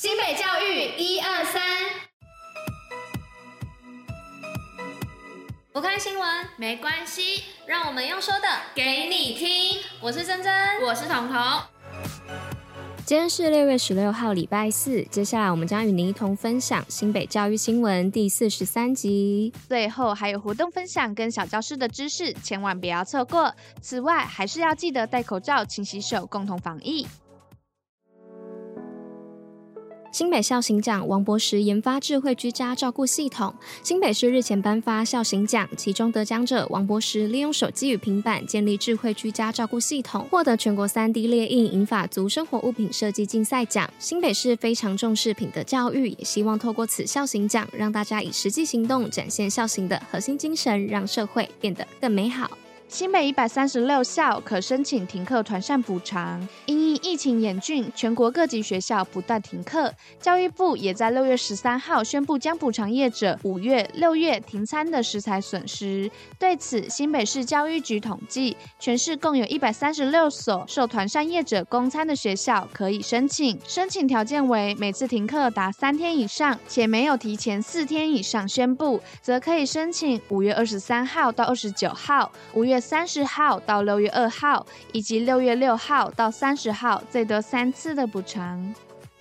新北教育一二三，不看新聞沒關係，讓我們用說的給你聽。我是珍珍，我是彤彤。今天是六月十六號，禮拜四。接下來我們將與您一同分享新北教育新聞第四十三集，最後還有活動分享跟小教室的知識，千萬不要錯過。此外，還是要記得戴口罩、勤洗手，共同防疫。新北孝行獎黃柏實研發智慧居家照顧系統。新北市日前頒發孝行獎，其中得獎者黃柏實利用手機與平板建立智慧居家照顧系統，獲得全國三 D 列印銀髮族生活物品設計競賽獎。新北市非常重視品德教育，也希望透過此孝行獎，讓大家以實際行動展現孝行的核心精神，讓社會變得更美好。新北一百三十六校可申請停課團膳補償。因疫情嚴峻，全國各級學校不斷停課，教育部也在六月十三號宣布，將補償業者五月、六月停餐的食材損失。對此，新北市教育局統計，全市共有一百三十六所受團膳業者供餐的學校可以申請，申請條件為每次停課達三天以上，且沒有提前四天以上宣布，則可以申請五月二十三號到二十九號，五月三十號到六月二號，以及六月六號到三十號，最多三次的補償。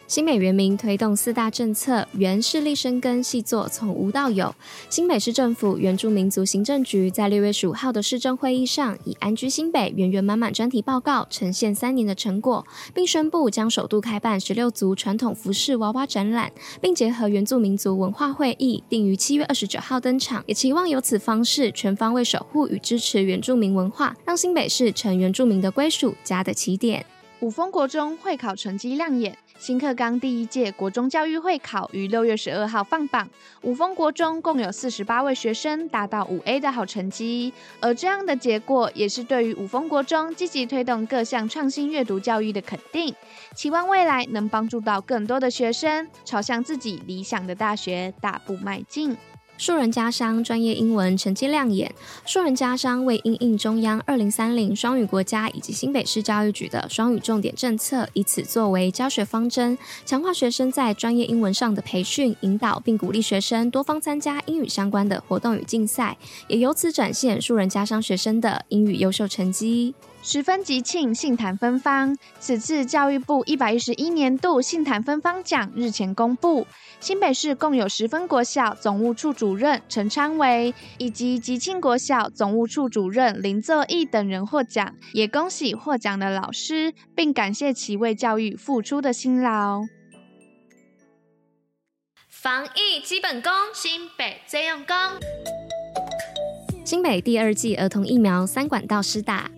新北原民推動四大政策，原勢力深耕細作，從無到有。新北市政府原住民族行政局在六月十五號的市政會議上，以“安居新北，圓圓滿滿”專題報告呈現三年的成果，並宣布將首度開辦十六族傳統服飾娃娃展覽，並結合原住民族文化會議，定於七月二十九號登場。也期望由此方式全方位守護與支持原住民文化，讓新北市成原住民的歸屬家的起點。五峰國中會考成績亮眼，新課綱第一屆國中教育會考於六月十二號放榜，五峰國中共有四十八位學生達到五 A 的好成績，而這樣的結果也是對於五峰國中積極推動各項創新閱讀教育的肯定，期望未來能幫助到更多的學生朝向自己理想的大學大步邁進。樹人家商專業英文成績亮眼，樹人家商為因應中央二零三零雙語國家以及新北市教育局的雙語重點政策，以此作為教學方針，強化學生在專業英文上的培訓引導，並鼓勵學生多方參加英語相關的活動與競賽，也由此展現樹人家商學生的英語優秀成績。十分吉慶杏壇芬芳，此次教育部一百一十一年度杏壇芬芳獎日前公布，新北市共有十分國小總務處主任陳昌維以及吉慶國小總務處主任林作義等人獲獎，也恭喜獲獎的老師，並感謝其為教育付出的辛勞。防疫基本功，新北最用功。新北第二劑兒童疫苗三管道施打。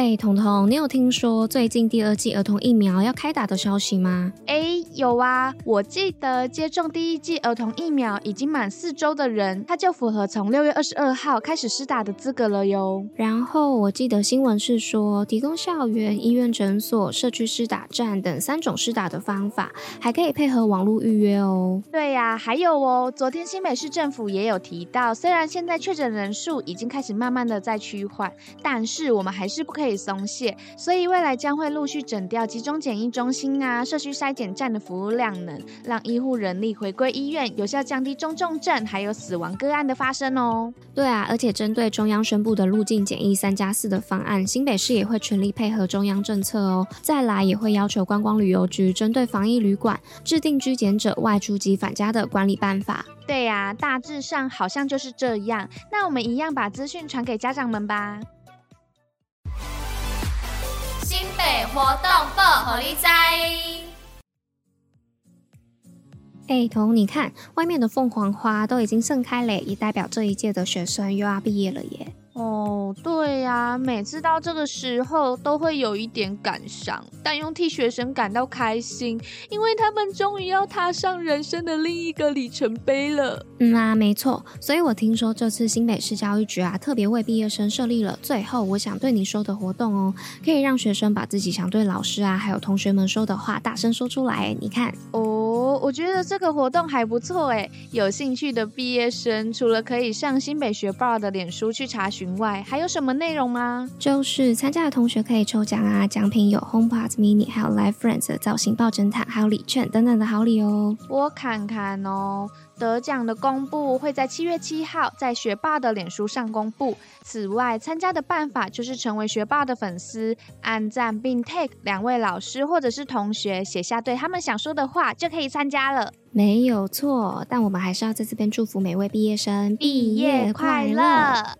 哎、欸，彤彤，你有聽說最近第二劑兒童疫苗要開打的消息嗎？有啊，我記得接種第一劑兒童疫苗已經滿四周的人，他就符合從六月二十二號開始施打的資格了喲。然後我記得新聞是說，提供校園、醫院、診所、社區施打站等三種施打的方法，還可以配合網絡預約哦。對呀、啊，還有哦，昨天新北市政府也有提到，雖然現在確診人數已經開始慢慢的在趨緩，但是我們還是不可以鬆懈，所以未來將會陸續整掉集中檢疫中心啊、社區篩檢站的。服務量能，讓醫護人力回歸醫院，有效降低中重、重症還有死亡個案的發生哦。對啊，而且針對中央宣布的入境檢疫三加四的方案，新北市也會全力配合中央政策哦。再來也會要求觀光旅遊局針對防疫旅館制定居檢者外出及返家的管理辦法。對啊，大致上好像就是這樣。那我們一樣把資訊傳給家長們吧。新北活動報虎哩知。哎，彤，你看外面的鳳凰花都已經盛開了，也代表這一屆的學生又要畢業了耶。哦，對呀，啊，每次到這個時候都會有一點感傷，但又替學生感到開心，因為他們終於要踏上人生的另一個里程碑了。嗯啊，沒錯，所以我聽說這次新北市教育局啊特別為畢業生設立了最後我想對你說的活動哦，可以讓學生把自己想對老師啊還有同學們說的話大聲說出來。你看，哦，我覺得這個活動還不錯哎，有興趣的畢業生除了可以上新北學報的臉書去查詢。群外還有什麼內容嗎？就是參加的同學可以抽獎啊，獎品有 HomePod Mini，還有 Live Friends 的造型抱枕毯，還有禮券等等的好禮哦。我看看哦，得獎的公布會在七月七號在學霸的臉書上公布。此外，參加的辦法就是成為學霸的粉絲，按讚並 take 兩位老師或者是同學，寫下對他們想說的話，就可以參加了。沒有錯，但我們還是要在這邊祝福每位畢業生畢業快樂。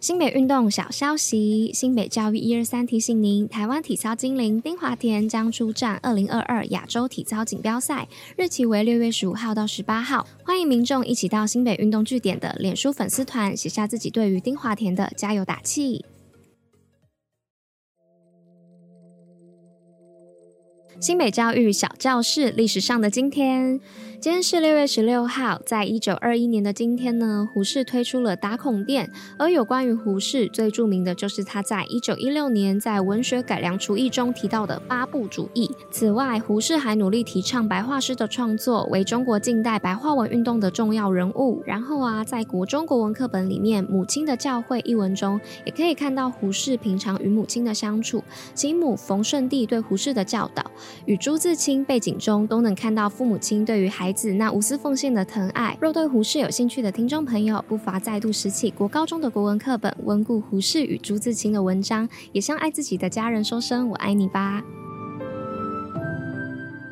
新北運動小消息，新北教育一二三提醒您：台灣體操精靈丁華恬將出戰二零二二亞洲體操錦標賽，日期為六月十五號到十八號。歡迎民眾一起到新北運動據點的臉書粉絲團寫下自己對於丁華恬的加油打氣。新北教育小教室，歷史上的今天，今天是六月十六號，在一九二一年的今天呢，胡適推出了打孔店。而有關於胡適最著名的就是他在一九一六年在《文學改良芻議》中提到的八不主義。此外，胡適還努力提倡白話詩的創作，為中國近代白話文運動的重要人物。然後啊，在國中國文課本裡面，《母親的教誨》一文中，也可以看到胡適平常與母親的相處，其母馮順弟對胡適的教導。與朱自清背景中都能看到父母親對於孩子那無私奉獻的疼愛。若對胡適有興趣的聽眾朋友，不妨再度拾起國高中的國文課本，溫故胡適與朱自清的文章，也向愛自己的家人說聲我愛你吧。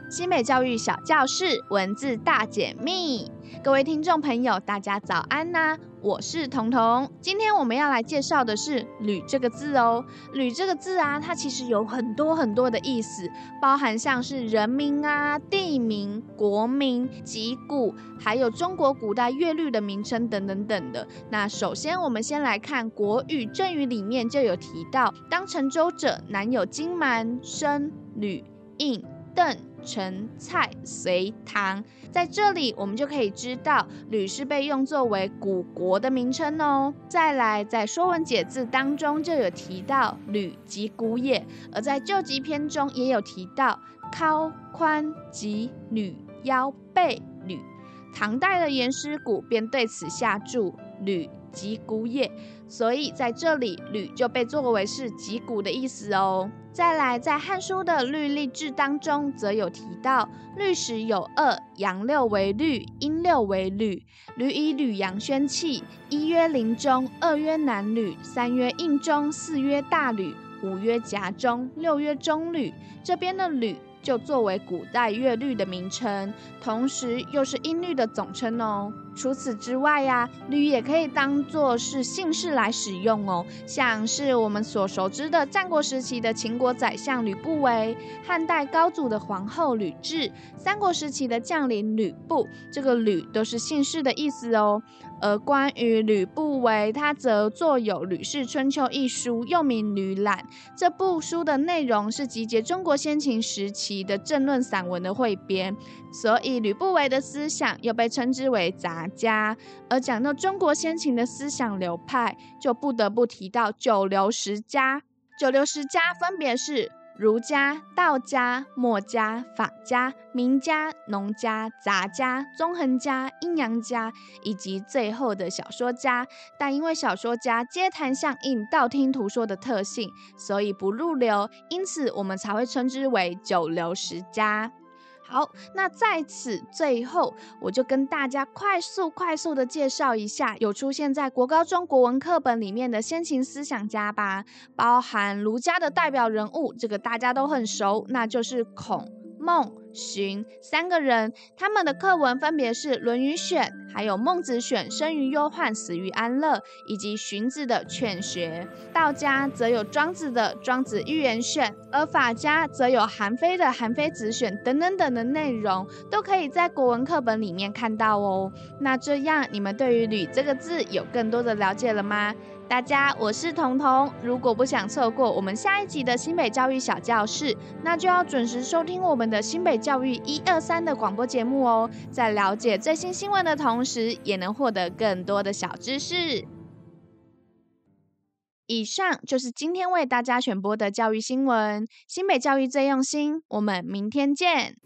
新北教育小教室，文字大解密。各位聽眾朋友，大家早安吶、啊！我是彤彤，今天我們要來介紹的是“呂”這個字哦。“呂”這個字啊，它其實有很多很多的意思，包含像是人名啊、地名、國名、籍古，還有中國古代樂律的名稱等，等等等的。那首先，我們先來看《國語·鄭語》裡面就有提到：“當成周者，南有金、蠻、申、呂、應、鄧。”陳、蔡、隋、唐，在這裡我們就可以知道，呂是被用作為古國的名稱哦、喔。再來，在《說文解字》當中就有提到，呂及古也；而在《舊籍篇》中也有提到，尻寬及女腰背呂。唐代的顏師古便對此下注：呂。脊骨也，所以在這裡，呂就被作為是脊骨的意思哦。再來，在《漢書》的律曆志當中，則有提到，律十有二，陽六為律，陰六為呂。呂以旅陽宣氣，一曰林鐘，二曰南呂，三曰應鐘，四曰大呂，五曰夾鐘，六曰中呂。這邊的呂，就作為古代樂律的名稱，同時又是音律的總稱哦。除此之外呀、啊，呂也可以當做是姓氏來使用哦。像是我們所熟知的戰國時期的秦國宰相呂不韋，漢代高祖的皇后呂雉，三國時期的將領呂布，這個呂都是姓氏的意思哦。而關於呂不韋，他則作有《呂氏春秋》一書，又名《呂覽》。這部書的內容是集結中國先秦時期的政論散文的彙編，所以呂不韋的思想又被稱之為雜家。而講到中國先秦的思想流派，就不得不提到九流十家。九流十家分別是，儒家、道家、墨家、法家、名家、農家、雜家、縱橫家、陰陽家，以及最後的小說家。但因為小說家街談巷議道聽途說的特性，所以不入流，因此我們才會稱之為九流十家。好，那在此最後，我就跟大家快速快速的介紹一下有出現在國高中國文課本裡面的先秦思想家吧，包含儒家的代表人物，這個大家都很熟，那就是孔。孟荀三個人，他們的課文分別是《論語選》、還有《孟子選》“生於憂患，死於安樂”，以及荀子的《勸學》。道家則有莊子的《莊子寓言選》，而法家則有韓非的《韓非子選》等等等的內容，都可以在國文課本裡面看到哦。那這樣，你們對於“呂”這個字有更多的了解了嗎？大家，我是彤彤。如果不想錯過我們下一集的新北教育小教室，那就要準時收聽我們的新北教育123的廣播節目哦。在了解最新新聞的同時，也能獲得更多的小知識。以上就是今天為大家選播的教育新聞。新北教育最用心，我們明天見。